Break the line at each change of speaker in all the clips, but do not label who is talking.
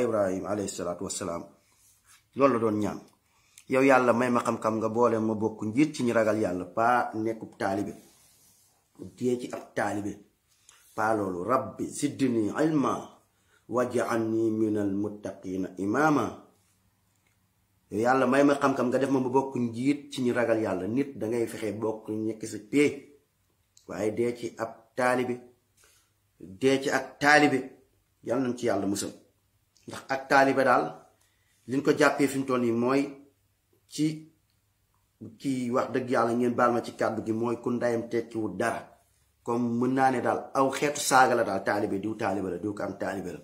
ibrahim alayhi salaatu wassalaam loolu la doon ñaan yow yàlla may ma xam-xam nga boole ma bokk njiit ci ñu ragal yàlla paa nekkub taalibe téye ci ab taalibe paa loolu rabbi siddini ilma waj'alni minal muttaqina imaama yow yàlla may ma xam nga def ma ma bokk njiit ci ñu ragal yàlla nit dangay fexe bokk nekk si pee waaye dee ci ab taalibe dee ci ak taalibe yàlla nañ ci yàlla musal ndax ak taalibe daal liñ ko jàppee fi mu toll mooy ci kii wax dëgg yàlla ngeen baal ma ci kàddu gi mooy ku ndayam tekkiwul dara comme mën naa ne daal aw xeetu saaga la daal taalibe diw taalibe la diw ko am taalibe la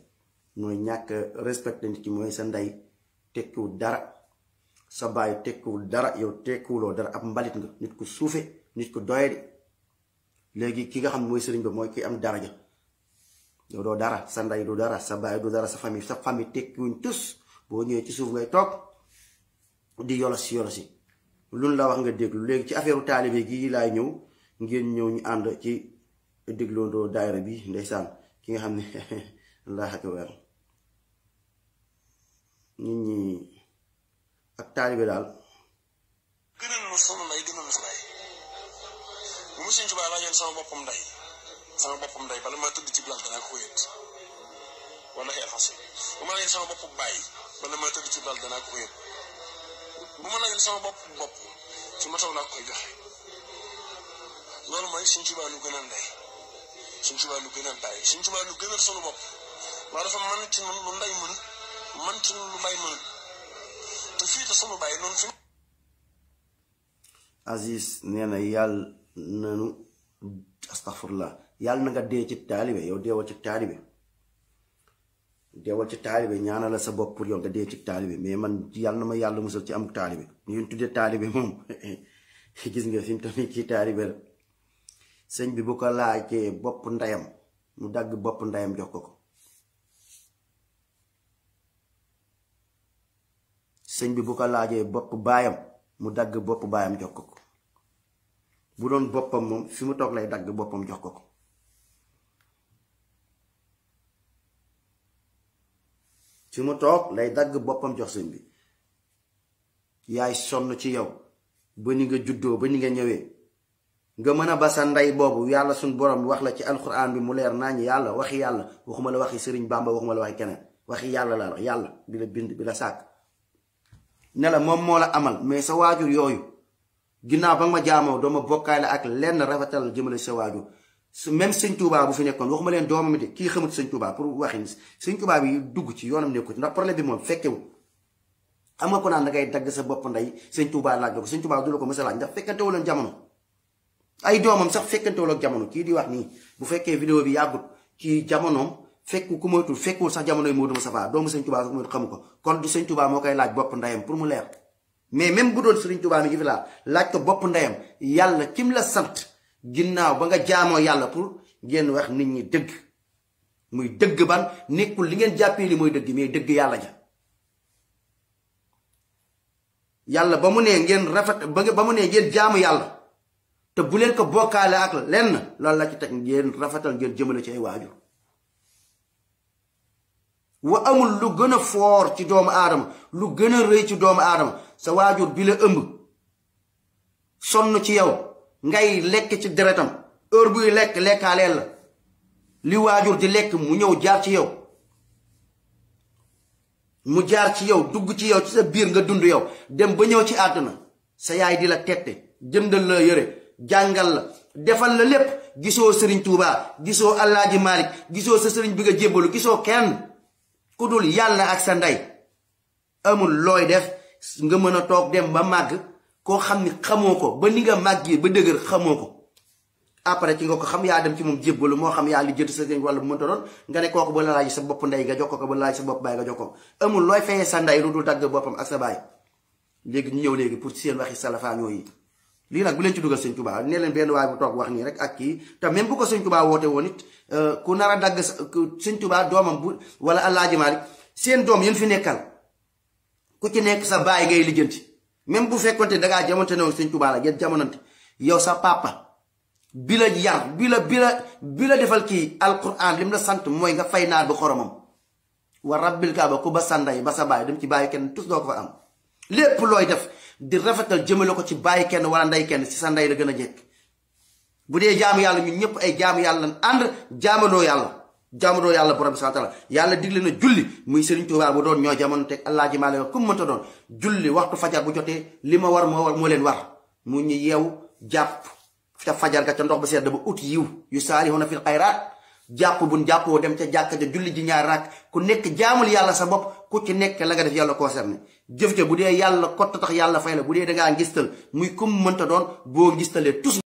mooy ñàkk respecté nit ki mooy sa ndey tekkiwul dara sa baay tekkiwul dara yow tekkiwuloo dara ab mbalit nga nit ku suufe nit ku doye di léegi ki nga xam mooy sëriñ ba mooy ki am daraja yow doo dara sa ndey du dara sa baay du dara sa famille sa famille tekkiwuñ tus boo ñëwee ci suuf ngay toog di yolosi yolosi luñ la wax nga déglu léegi ci affaire taalibe gi laay ñëw ngeen ñëw ñu ànd ci dégloondoo daayira bi ndeysaan ki nga xam ne allah akbar nit ñi ak taalibe daal gënal ma sama ndey gënal ma boppam ndey sama boppam ndey bala maa tëdd ci lal danaa ko yët wala xel bu ma laajee sama bopp bàyyi bala maa tëdd ci lal danaa ko yët bu ma laajee sama bopp bopp su ma taw laa koy joxe loolu mooy suñ Tuubaa lu gën a ndey suñ Tuubaa lu gën a bàyyi suñ Tuubaa lu gën a sunu bopp waaye dafa mën ci nun lu ndey mën mën ci nun lu bàyyi mën te fii te sunu bàyyi noonu suñ Aziz nee na yàlla nanu yàlla na nga dee ci taalibe yow deewal ci taalibe deewal ci ñaana la sa bopp pour yow nga dee ci taalibe mais man yàlla na ma yàlla musal ci am taalibe ñu tuddee taalibe moom gis nga fi mu tamit kii taalibe la sëñ bi bu ko laajee bopp ndeyam mu dagg bopp ndeyam jox ko ko sëñ bi bu ko laajee bopp baayam mu dagg bopp baayam jox ko ko bu doon boppam moom fi mu toog lay dagg boppam jox ko ko fi mu toog lay dagg boppam jox sëñ bi yaay sonn ci yow ba ñu nga juddoo ba ñu nga ñëwee nga mën a ba sa ndey boobu yàlla suñ borom wax la ci alxuraan bi mu leer naañ yàlla waxi yàlla waxuma la waxi sëriñ Bàmba waxuma la waxi keneen waxi yàlla laa yàlla bi la bind bi la sàkk ne la moom moo la amal mais sa waajur yooyu ginnaaw ba ma jaamoo doo ma bokkaale ak lenn rafetal jëmale sa waajur su même sëñ Touba bu fi nekkoon waxuma leen doomam de kii xamut sëñ Touba pour waxin sëñ Touba bi dugg ci yoonam nekku ci ndax problème bi moom fekkewul xam nga ko naan da ngay dagg sa bopp ndey sëñ Touba laaj la ko sëñ Touba du la ko mës a laaj ndax fekkantewuloon jamono ay doomam sax fekkantewul ak jamono kii di wax nii bu fekkee vidéo bi yàggut kii jamonoom fekku ku moytul fekkul sax jamonoy Modou Moustapha doomu sëñ Touba sax moytu xamu ko kon du sëñ Touba moo koy laaj bopp ndeyam pour mu leer mais même bu doon sëriñ Touba mi ngi fi laaj laaj ko bopp ndeyam yàlla kim la sant ginnaaw ba nga jaamoo yàlla pour ngeen wax nit ñi dëgg muy dëgg ban nekkul li ngeen jàppee li mooy dëgg mais dëgg yàlla ja yàlla ba mu nee ngeen rafet ba mu nee ngeen jaamu yàlla te bu leen ko bokkaale ak lenn loolu la ci teg ngeen rafetal ngeen jëmale ci ay waajur wa amul lu gën a foor ci doomu aadama lu gën a rëy ci doomu aadama sa waajur bi la ëmb sonn ci yow ngay lekk ci deretam heure buy lekk lekkaaleel la li waajur di lekk mu ñëw jaar ci yow mu jaar ci yow dugg ci yow ci sa biir nga dund yow dem ba ñëw ci àdduna sa yaay di la tette jëndal la yére jàngal la defal la lépp gisoo sëriñ Tuubaa gisoo Allaaji Maalik gisoo sa sëriñ bi nga jébbalu gisoo kenn ku dul yàlla ak sa ndey amul looy def nga mën a toog dem ba màgg koo xam ni xamoo ko ba ni nga màggee ba dëgër xamoo ko après ci nga ko xam yaa dem ci moom jébbalu moo xam yaa li jënd sa sëñ wala bu mënta doon nga ne kooku ba la laaj sa bopp ndey nga jox ko ba la laaj sa bopp baay nga jox ko amul looy fayee sa ndey lu dul dagg boppam ak sa baay léegi ñu ñëw léegi pour seen waxi salafaañoo yi lii nag bu leen ci dugal sëñ Tuubaa nee leen benn waay bu toog wax nii rek ak kii te même bu ko sëñ Tuubaa woote woon it euh, ku nar a dagg sëñ Tuubaa doomam bu wala Alaaji Maalik seen doom yéen fi nekkal ku ci nekk sa baay ngay lijjanti même bu fekkonte da ngaa jamonte ne woon sëñ Tuubaa la ngeen jamonante yow sa papa bi la yar bi la bi la bi la defal kii alquran lim na sant mooy nga fay naa bi xoromam war rabbil kaaba ku ba sa ndey ba sa baay dem ci bàyyi kenn tus doo ko fa am lépp looy def di rafetal jëmale ko ci bàyyi kenn wala ndey kenn si sa ndey la gën a jekk bu dee jaamu yàlla ñun ñëpp ay jaamu yàlla ànd jaamaloo yàlla jaamu yàlla borom bi taala yàlla digle na julli muy Serigne Touba bu doon ñoo jamono teg Alaaji Maalik wax ku mu mënta doon julli waxtu fajar bu jotee li ma war moo war moo leen war mu ñu yeew jàpp ca fajar ga ca ndox ba sedd ba ut yiw yu saarihuuna fil xayraat jàpp buñ jàppoo dem ca jàkka ja julli ji ñaar raak ku nekk jaamul yàlla sa bopp ku ci nekk la nga def yàlla concerné jëf ca bu dee yàlla kott tax yàlla fay la bu dee da ngaa ngistal muy ku mu mënta doon boo ngistalee tus